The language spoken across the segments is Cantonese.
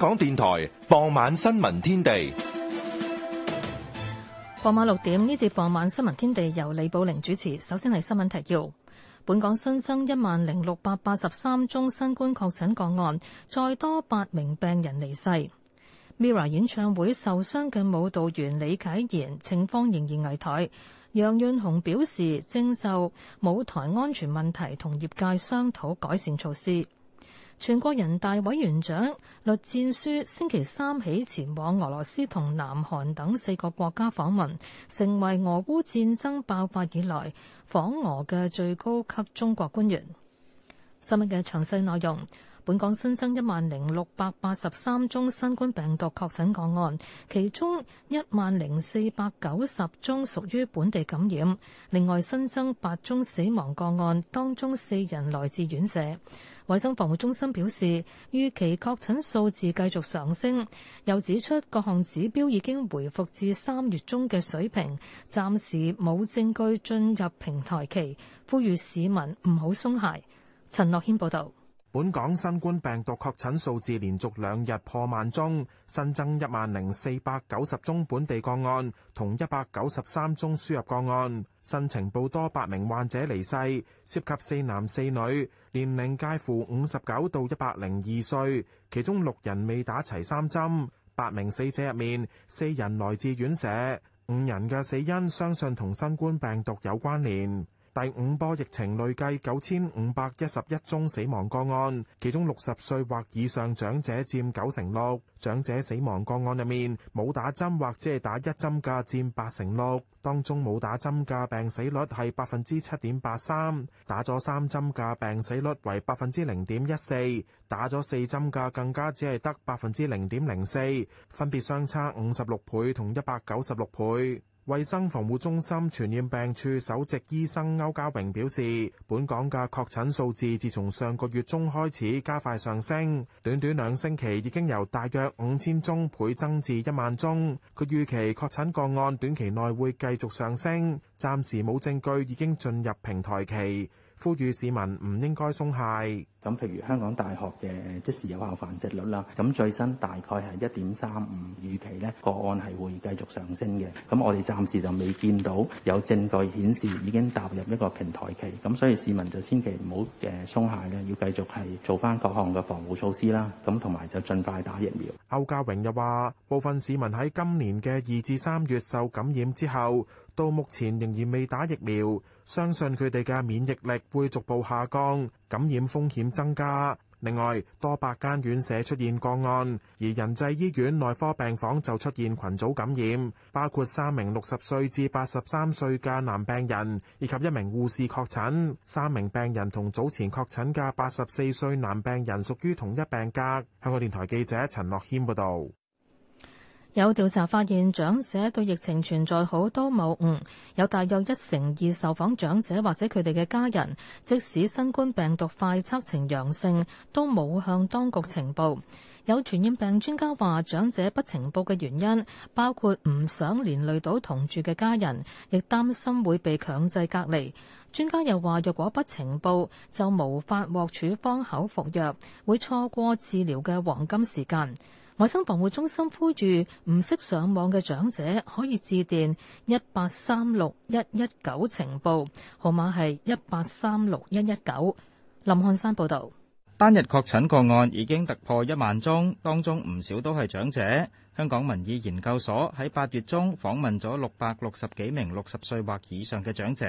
香港電台傍晚新聞天地，傍晚六點呢節傍晚新聞天地由李寶玲主持。首先係新聞提要，本港新增一萬零六百八十三宗新冠確診個案，再多八名病人離世。Mira 演唱會受傷嘅舞蹈員李啟言，情況仍然危殆。楊潤雄表示正就舞台安全問題同業界商討改善措施。全國人大委員長栗戰書星期三起前往俄羅斯同南韓等四個國家訪問，成為俄烏戰爭爆發以來訪俄嘅最高級中國官員。新聞嘅詳細內容：本港新增一萬零六百八十三宗新冠病毒確診個案，其中一萬零四百九十宗屬於本地感染，另外新增八宗死亡個案，當中四人來自院舍。衛生防護中心表示，預期確診數字繼續上升，又指出各項指標已經回復至三月中嘅水平，暫時冇證據進入平台期，呼籲市民唔好鬆懈。陳樂謙報道。本港新冠病毒確診數字連續兩日破萬宗，新增一萬零四百九十宗本地個案，同一百九十三宗輸入個案。新情報多八名患者離世，涉及四男四女，年齡介乎五十九到一百零二歲，其中六人未打齊三針。八名死者入面，四人來自院舍，五人嘅死因相信同新冠病毒有關聯。第五波疫情累計九千五百一十一宗死亡個案，其中六十歲或以上長者佔九成六。長者死亡個案入面，冇打針或者係打一針嘅佔八成六，當中冇打針嘅病死率係百分之七點八三，打咗三針嘅病死率為百分之零點一四，打咗四針嘅更加只係得百分之零點零四，分別相差五十六倍同一百九十六倍。衛生防護中心傳染病處首席醫生歐家榮表示，本港嘅確診數字自從上個月中開始加快上升，短短兩星期已經由大約五千宗倍增至一萬宗。佢預期確診個案短期內會繼續上升，暫時冇證據已經進入平台期。呼籲市民唔應該鬆懈。咁譬如香港大學嘅即時有效繁殖率啦，咁最新大概係一點三五，預期呢個案係會繼續上升嘅。咁我哋暫時就未見到有證據顯示已經踏入一個平台期，咁所以市民就千祈唔好嘅鬆懈咧，要繼續係做返各項嘅防護措施啦。咁同埋就盡快打疫苗。歐家榮又話：部分市民喺今年嘅二至三月受感染之後，到目前仍然未打疫苗。相信佢哋嘅免疫力會逐步下降，感染風險增加。另外，多百間院舍出現個案，而仁濟醫院內科病房就出現群組感染，包括三名六十歲至八十三歲嘅男病人，以及一名護士確診。三名病人同早前確診嘅八十四歲男病人屬於同一病格。香港電台記者陳樂謙報道。有調查發現，長者對疫情存在好多謬誤，有大約一成二受訪長者或者佢哋嘅家人，即使新冠病毒快測呈陽性，都冇向當局呈報。有傳染病專家話，長者不呈報嘅原因包括唔想連累到同住嘅家人，亦擔心會被強制隔離。專家又話，若果不呈報，就無法獲處方口服藥，會錯過治療嘅黃金時間。衛生防護中心呼籲唔識上網嘅長者可以致電一八三六一一九，情報號碼係一八三六一一九。19，林漢山報道，單日確診個案已經突破一萬宗，當中唔少都係長者。香港民意研究所喺八月中訪問咗六百六十幾名六十歲或以上嘅長者，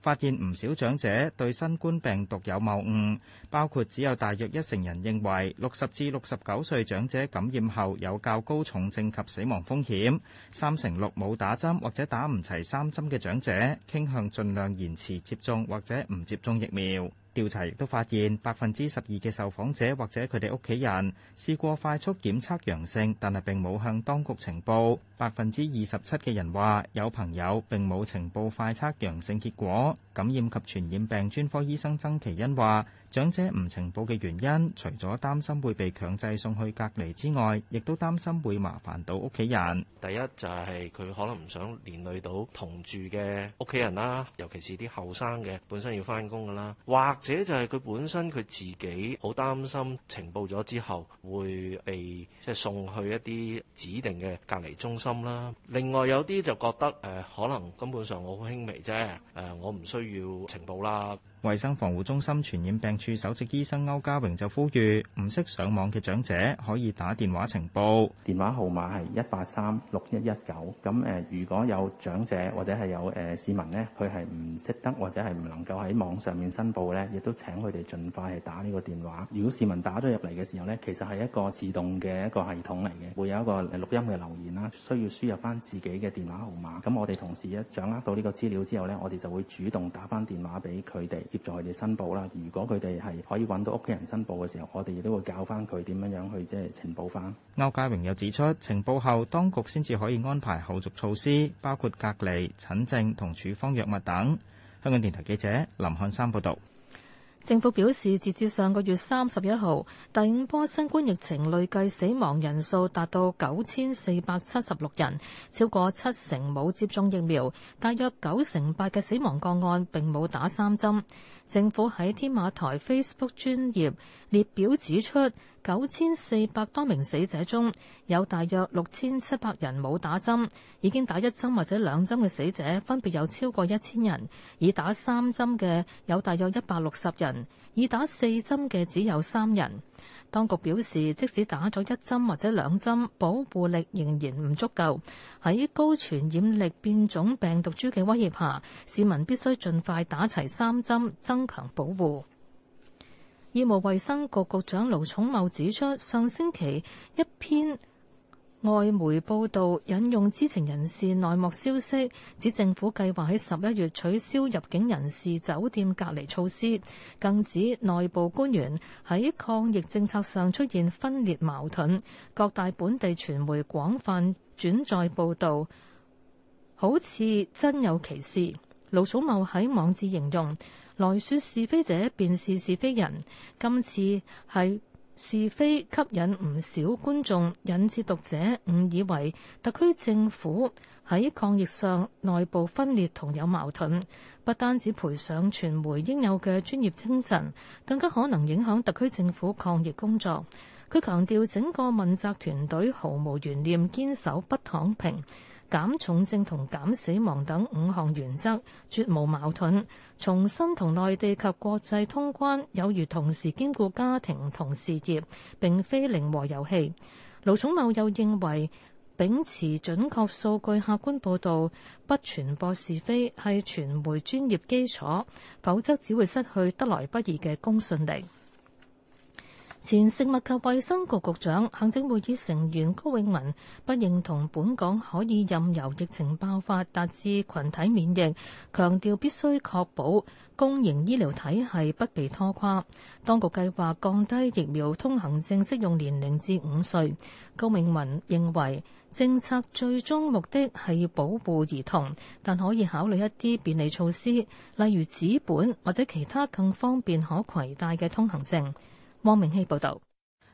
發現唔少長者對新冠病毒有謬誤，包括只有大約一成人認為六十至六十九歲長者感染後有較高重症及死亡風險。三成六冇打針或者打唔齊三針嘅長者傾向盡量延遲接種或者唔接種疫苗。調查亦都發現，百分之十二嘅受訪者或者佢哋屋企人試過快速檢測陽性，但係並冇向當局呈報。百分之二十七嘅人話有朋友並冇呈報快測陽性結果。感染及傳染病專科醫生曾其恩話。長者唔呈報嘅原因，除咗擔心會被強制送去隔離之外，亦都擔心會麻煩到屋企人。第一就係佢可能唔想連累到同住嘅屋企人啦，尤其是啲後生嘅本身要翻工㗎啦，或者就係佢本身佢自己好擔心呈報咗之後會被即係送去一啲指定嘅隔離中心啦。另外有啲就覺得誒、呃，可能根本上我好輕微啫，誒、呃、我唔需要呈報啦。衛生防護中心傳染病處首席醫生歐家榮就呼籲，唔識上網嘅長者可以打電話情報，電話號碼係一八三六一一九。咁誒、呃，如果有長者或者係有誒、呃、市民咧，佢係唔識得或者係唔能夠喺網上面申報咧，亦都請佢哋盡快係打呢個電話。如果市民打咗入嚟嘅時候咧，其實係一個自動嘅一個系統嚟嘅，會有一個誒錄音嘅留言啦，需要輸入翻自己嘅電話號碼。咁我哋同事一掌握到呢個資料之後呢，我哋就會主動打翻電話俾佢哋。協助佢哋申報啦。如果佢哋係可以揾到屋企人申報嘅時候，我哋亦都會教翻佢點樣樣去即係呈報翻。歐家榮又指出，呈報後當局先至可以安排後續措施，包括隔離、診症同處方藥物等。香港電台記者林漢山報道。政府表示，截至上個月三十一號，第五波新冠疫情累計死亡人數達到九千四百七十六人，超過七成冇接種疫苗，大約九成八嘅死亡個案並冇打三針。政府喺天馬台 Facebook 專頁列表指出，九千四百多名死者中有大約六千七百人冇打針，已經打一針或者兩針嘅死者分別有超過一千人，已打三針嘅有大約一百六十人，已打四針嘅只有三人。當局表示，即使打咗一針或者兩針，保護力仍然唔足夠。喺高傳染力變種病毒株嘅威脅下，市民必須盡快打齊三針，增強保護。醫務衛生局局長盧寵茂指出，上星期一篇。外媒報導引用知情人士內幕消息，指政府計劃喺十一月取消入境人士酒店隔離措施，更指內部官員喺抗疫政策上出現分裂矛盾。各大本地傳媒廣泛轉載報導，好似真有其事。盧寵茂喺網誌形容：來説是非者，便是是非人。今次係是非吸引唔少觀眾，引致讀者誤以為特區政府喺抗疫上內部分裂同有矛盾。不單止賠上傳媒應有嘅專業精神，更加可能影響特區政府抗疫工作。佢強調整個問責團隊毫無懸念，堅守不躺平。減重症同減死亡等五項原則絕無矛盾。重新同內地及國際通關，有如同時兼顧家庭同事業，並非零和遊戲。盧寵茂又認為，秉持準確數據、客觀報導，不傳播是非，係傳媒專業基礎，否則只會失去得來不易嘅公信力。前食物及衛生局局長、行政會議成員高永文不認同本港可以任由疫情爆發達至群體免疫，強調必須確保公營醫療體系不被拖垮。當局計劃降低疫苗通行證適用年齡至五歲，高永文認為政策最終目的係要保護兒童，但可以考慮一啲便利措施，例如紙本或者其他更方便可攜帶嘅通行證。汪明熙報道。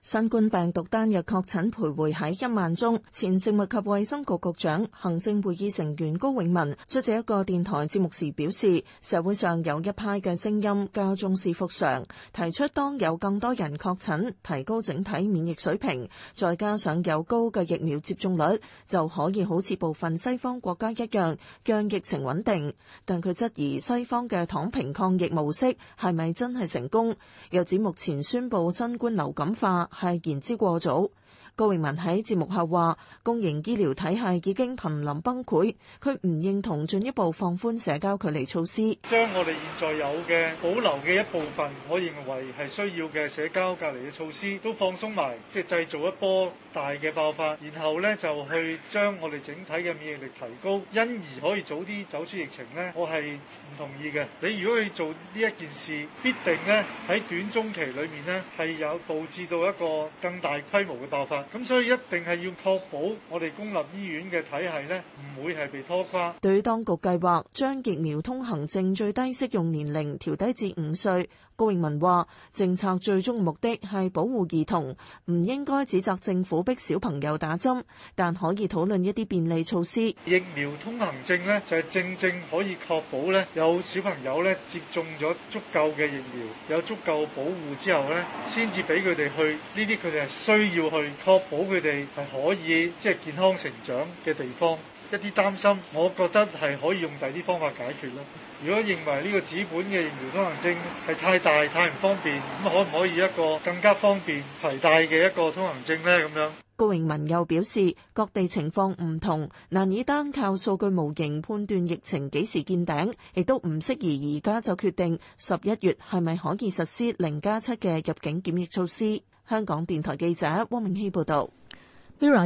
新冠病毒單日確診徘徊喺一萬宗。前食物及衛生局局長行政會議成員高永文出席一個電台節目時表示，社會上有一派嘅聲音較重視復常，提出當有更多人確診提高整體免疫水平，再加上有高嘅疫苗接種率，就可以好似部分西方國家一樣讓疫情穩定。但佢質疑西方嘅躺平抗疫模式係咪真係成功？又指目前宣布新冠流感化，係言之過早。高永文喺節目後話，公營醫療體系已經瀕臨崩潰，佢唔認同進一步放寬社交距離措施。將我哋現在有嘅保留嘅一部分，我認為係需要嘅社交隔離嘅措施，都放鬆埋，即係製造一波大嘅爆發，然後咧就去將我哋整體嘅免疫力提高，因而可以早啲走出疫情咧，我係唔同意嘅。你如果去做呢一件事，必定咧喺短中期裏面咧係有導致到一個更大規模嘅爆發。咁所以一定係要確保我哋公立醫院嘅體系呢唔會係被拖垮。對當局計劃將疫苗通行證最低適用年齡調低至五歲。高永文話：政策最終目的係保護兒童，唔應該指責政府逼小朋友打針，但可以討論一啲便利措施。疫苗通行證咧，就係正正可以確保咧有小朋友咧接種咗足夠嘅疫苗，有足夠保護之後咧，先至俾佢哋去呢啲佢哋係需要去確保佢哋係可以即係、就是、健康成長嘅地方。一啲擔心，我覺得係可以用第啲方法解決啦。如果認為呢個紙本嘅疫苗通行證係太大太唔方便，咁可唔可以一個更加方便攜帶嘅一個通行證呢？咁樣，高永文又表示，各地情況唔同，難以單靠數據模型判斷疫情幾時見頂，亦都唔適宜而家就決定十一月係咪可以實施零加七嘅入境檢疫措施。香港電台記者汪明希報導。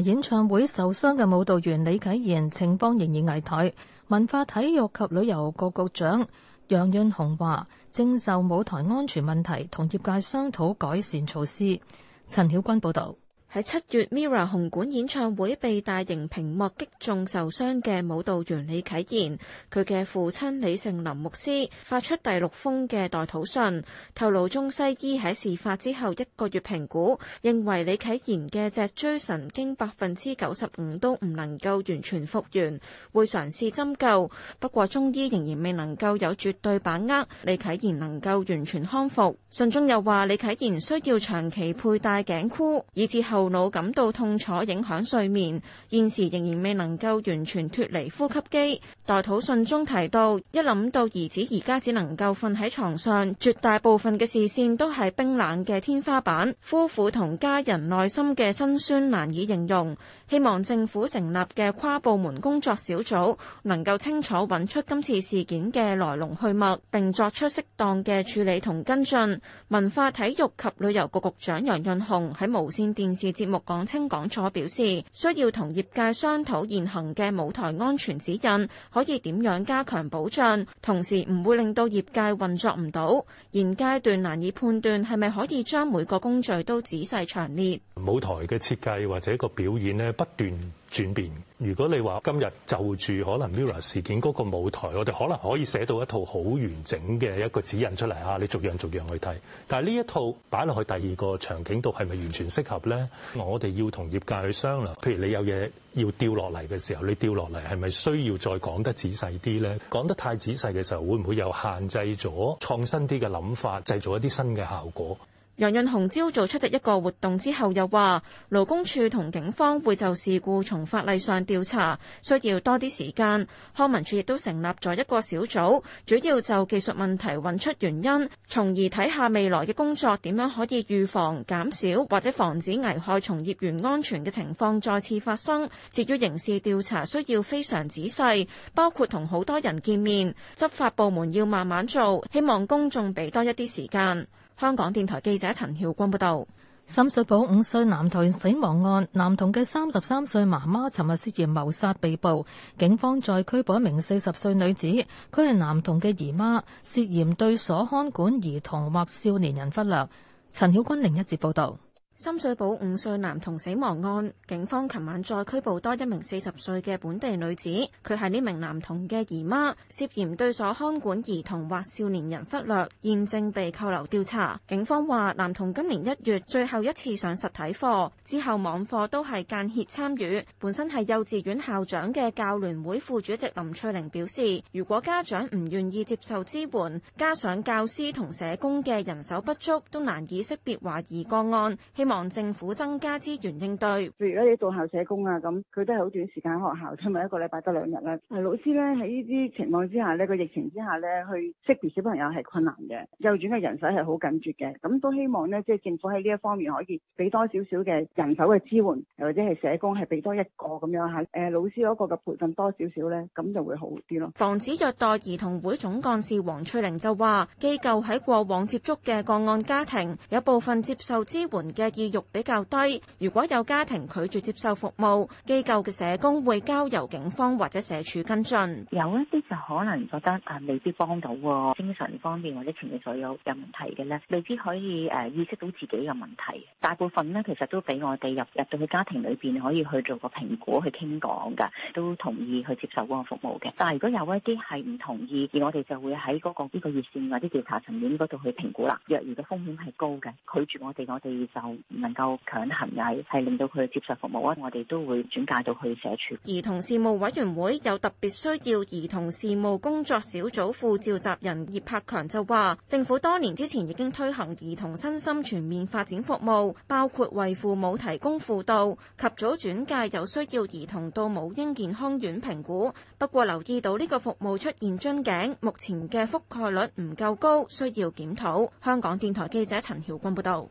演唱會受傷嘅舞蹈員李啟賢情況仍然危殆。文化體育及旅遊局局長楊潤雄話正就舞台安全問題同業界商討改善措施。陳曉君報道。喺七月 MIRROR 紅館演唱會被大型屏幕擊中受傷嘅舞蹈員李啟言，佢嘅父親李盛林牧師發出第六封嘅代禱信，透露中西醫喺事發之後一個月評估，認為李啟言嘅脊椎神經百分之九十五都唔能夠完全復原，會嘗試針灸，不過中醫仍然未能夠有絕對把握李啟言能夠完全康復。信中又話李啟言需要長期佩戴頸箍，以至後。腦感到痛楚，影響睡眠。現時仍然未能夠完全脱離呼吸機。代土信中提到，一諗到兒子而家只能夠瞓喺床上，絕大部分嘅視線都係冰冷嘅天花板，夫婦同家人內心嘅辛酸難以形容。希望政府成立嘅跨部門工作小組能夠清楚揾出今次事件嘅來龍去脈，並作出適當嘅處理同跟進。文化體育及旅遊局局長楊潤雄喺無線電視。節目講清講楚，表示需要同業界商討現行嘅舞台安全指引，可以點樣加強保障，同時唔會令到業界運作唔到。現階段難以判斷係咪可以將每個工序都仔細詳列舞台嘅設計或者個表演咧，不斷轉變。如果你話今日就住可能 Mirror 事件嗰個舞台，我哋可能可以寫到一套好完整嘅一個指引出嚟嚇、啊，你逐樣逐樣去睇。但係呢一套擺落去第二個場景度係咪完全適合咧？我哋要同業界去商量。譬如你有嘢要掉落嚟嘅時候，你掉落嚟係咪需要再講得仔細啲咧？講得太仔細嘅時候，會唔會有限制咗創新啲嘅諗法，製造一啲新嘅效果？楊潤雄朝早出席一個活動之後又，又話勞工處同警方會就事故從法例上調查，需要多啲時間。康文署亦都成立咗一個小組，主要就技術問題揾出原因，從而睇下未來嘅工作點樣可以預防、減少或者防止危害從業員安全嘅情況再次發生。至於刑事調查需要非常仔細，包括同好多人見面，執法部門要慢慢做，希望公眾俾多一啲時間。香港電台記者陳曉君報道：深水埗五歲男童死亡案，男童嘅三十三歲媽媽尋日涉嫌謀殺被捕，警方再拘捕一名四十歲女子，佢係男童嘅姨媽，涉嫌對所看管兒童或少年人忽略。陳曉君另一節報道。深水埗五歲男童死亡案，警方琴晚再拘捕多一名四十歲嘅本地女子，佢係呢名男童嘅姨媽，涉嫌對所看管兒童或少年人忽略，現正被扣留調查。警方話，男童今年一月最後一次上實體課之後，網課都係間歇參與。本身係幼稚園校長嘅教聯會副主席林翠玲表示，如果家長唔願意接受支援，加上教師同社工嘅人手不足，都難以識別懷疑個案。希希望政府增加資源應對，譬如而家啲在校社工啊，咁佢都係好短時間學校，出面一個禮拜得兩日啦。老師咧，喺呢啲情況之下呢，個疫情之下咧，去識別小朋友係困難嘅。幼園嘅人手係好緊缺嘅，咁都希望呢，即係政府喺呢一方面可以俾多少少嘅人手嘅支援，或者係社工係俾多一個咁樣吓。誒，老師嗰個嘅培訓多少少咧，咁就會好啲咯。防止虐待兒童會總幹事黃翠玲就話，機構喺過往接觸嘅個案家庭，有部分接受支援嘅，意欲比較低，如果有家庭拒絕接受服務，機構嘅社工會交由警方或者社署跟進。有一啲就可能覺得啊，未必幫到喎，精神方面或者情緒上有有問題嘅咧，未必可以誒意識到自己嘅問題。大部分呢，其實都俾我哋入入到去家庭裏邊可以去做個評估，去傾講㗎，都同意去接受嗰個服務嘅。但係如果有一啲係唔同意，而我哋就會喺嗰個呢個熱線或者調查層面嗰度去評估啦。若如嘅風險係高嘅，拒絕我哋，我哋就。唔能夠強行又係令到佢接受服務啊！我哋都會轉介到去社署。兒童事務委員會有特別需要兒童事務工作小組副召集人葉柏強就話，政府多年之前已經推行兒童身心全面發展服務，包括為父母提供輔導及早轉介有需要兒童到母嬰健康院評估。不過留意到呢個服務出現樽頸，目前嘅覆蓋率唔夠高，需要檢討。香港電台記者陳曉君報道。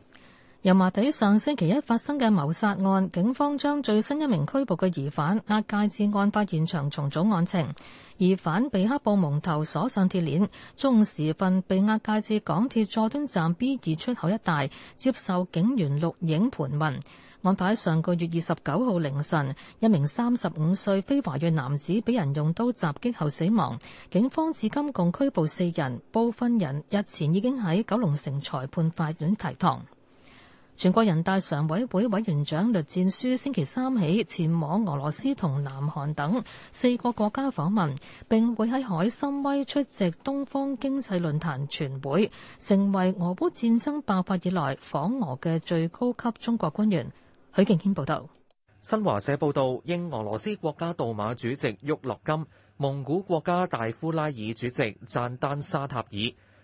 油麻地上星期一發生嘅謀殺案，警方將最新一名拘捕嘅疑犯押解至案發現場重組案情。疑犯被黑布蒙頭鎖上鐵鏈，中午時分被押解至港鐵佐敦站 B 二出口一帶接受警員錄影盤問，案發喺上個月二十九號凌晨，一名三十五歲非華裔男子俾人用刀襲擊後死亡。警方至今共拘捕四人，部分人日前已經喺九龍城裁判法院提堂。全國人大常委會委員長栗戰書星期三起前往俄羅斯同南韓等四個國家訪問，並會喺海參崴出席東方經濟論壇全會，成為俄烏戰爭爆發以來訪俄嘅最高級中國官員。許敬軒報導。新華社報導，應俄羅斯國家杜馬主席沃洛金、蒙古國家大呼拉爾主席贊丹沙塔爾、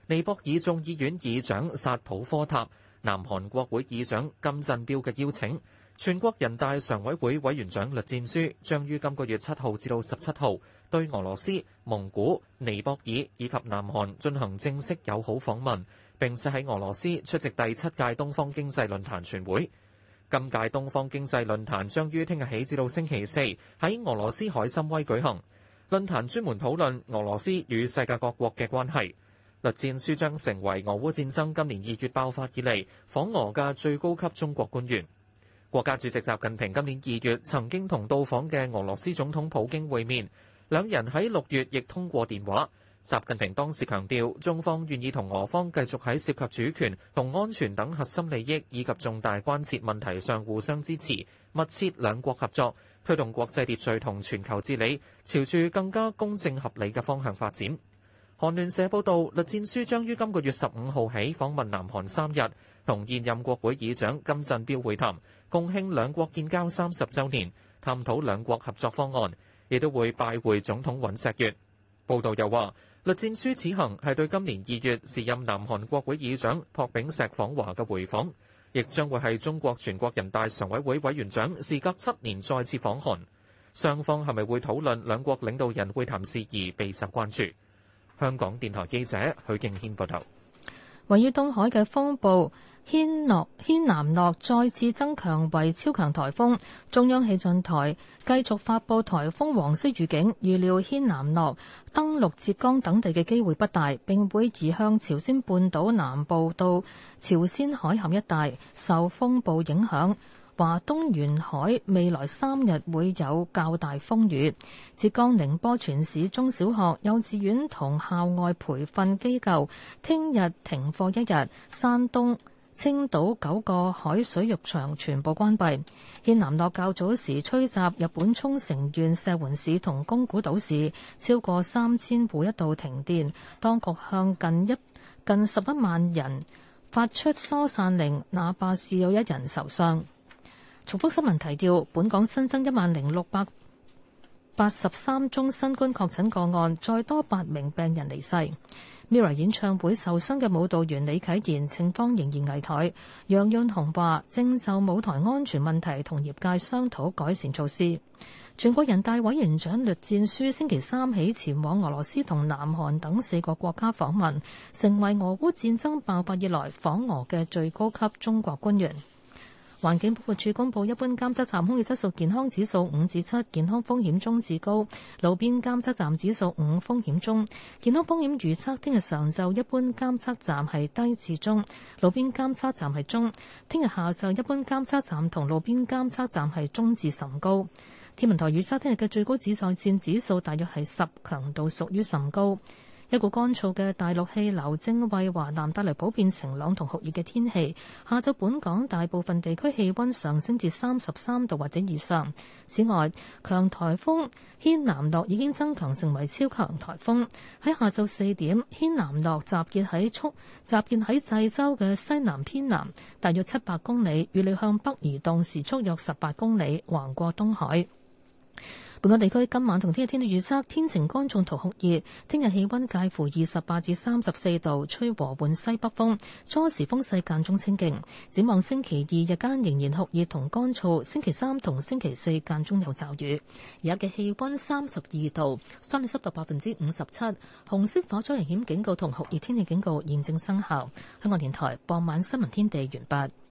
尼泊爾眾議院議長薩普科塔、南韓國會議長金振標嘅邀請，全國人大常委會委員長栗戰書將於今個月七號至到十七號對俄羅斯、蒙古、尼泊爾以及南韓進行正式友好訪問，並且喺俄羅斯出席第七屆東方經濟論壇全會。今屆東方經濟論壇將於聽日起至到星期四喺俄羅斯海參崴舉行，論壇專門討論俄羅斯與世界各國嘅關係。栗戰書將成為俄烏戰爭今年二月爆發以嚟訪俄嘅最高級中國官員。國家主席習近平今年二月曾經同到訪嘅俄羅斯總統普京會面，兩人喺六月亦通過電話。習近平當時強調，中方願意同俄方繼續喺涉及主權同安全等核心利益以及重大關切問題上互相支持，密切兩國合作，推動國際秩序同全球治理，朝住更加公正合理嘅方向發展。韓聯社報導，栗戰書將於今個月十五號起訪問南韓三日，同現任國會議長金振彪會談，共慶兩國建交三十週年，探討兩國合作方案，亦都會拜會總統尹錫悅。報導又話，栗戰書此行係對今年二月時任南韓國會議長朴炳石訪華嘅回訪，亦將會係中國全國人大常委會委員長，事隔七年再次訪韓。雙方係咪會討論兩國領導人會談事宜，備受關注。香港電台記者許敬軒報道，位於東海嘅風暴軒諾軒南諾再次增強為超強颱風，中央氣象台繼續發佈颱風黃色預警，預料軒南諾登陸浙江等地嘅機會不大，並會移向朝鮮半島南部到朝鮮海峽一帶，受風暴影響。華東沿海未來三日會有較大風雨。浙江寧波全市中小學、幼稚園同校外培訓機構聽日停課一日。山東青島九個海水浴場全部關閉。軒嵐諾較早時吹襲日本沖繩縣石垣市同宮古島市，超過三千戶一度停電，當局向近一近十一萬人發出疏散令，哪怕是有一人受傷。重複新聞提要：本港新增一萬零六百八十三宗新冠確診個案，再多八名病人離世。Mirror 演唱會受傷嘅舞蹈員李啟賢情況仍然危殆。楊潤雄話正就舞台安全問題同業界商討改善措施。全國人大委員長栗戰書星期三起前往俄羅斯同南韓等四個國家訪問，成為俄烏戰爭爆發以來訪俄嘅最高級中國官員。環境保護署公布一般監測站空氣質素健康指數五至七，健康風險中至高；路邊監測站指數五，風險中。健康風險預測：聽日上晝一般監測站係低至中，路邊監測站係中；聽日下晝一般監測站同路邊監測站係中至甚高。天文台預測聽日嘅最高紫外線指數大約係十，強度屬於甚高。一股乾燥嘅大陸氣流正為華南帶嚟普遍晴朗同酷熱嘅天氣，下晝本港大部分地區氣溫上升至三十三度或者以上。此外，強颱風軒南諾已經增強成為超強颱風，喺下晝四點軒南諾集結喺速集結喺濟州嘅西南偏南，大約七百公里，預料向北移動，時速約十八公里，橫過東海。本港地區今晚同聽日天氣預測，天晴乾燥，同酷熱。聽日氣温介乎二十八至三十四度，吹和緩西北風，初時風勢間中清勁。展望星期二日間仍然酷熱同乾燥，星期三同星期四間中有驟雨。而家嘅氣温三十二度，相對濕度百分之五十七，紅色火災危險警告同酷熱天氣警告現正生效。香港電台傍晚新聞天地完畢。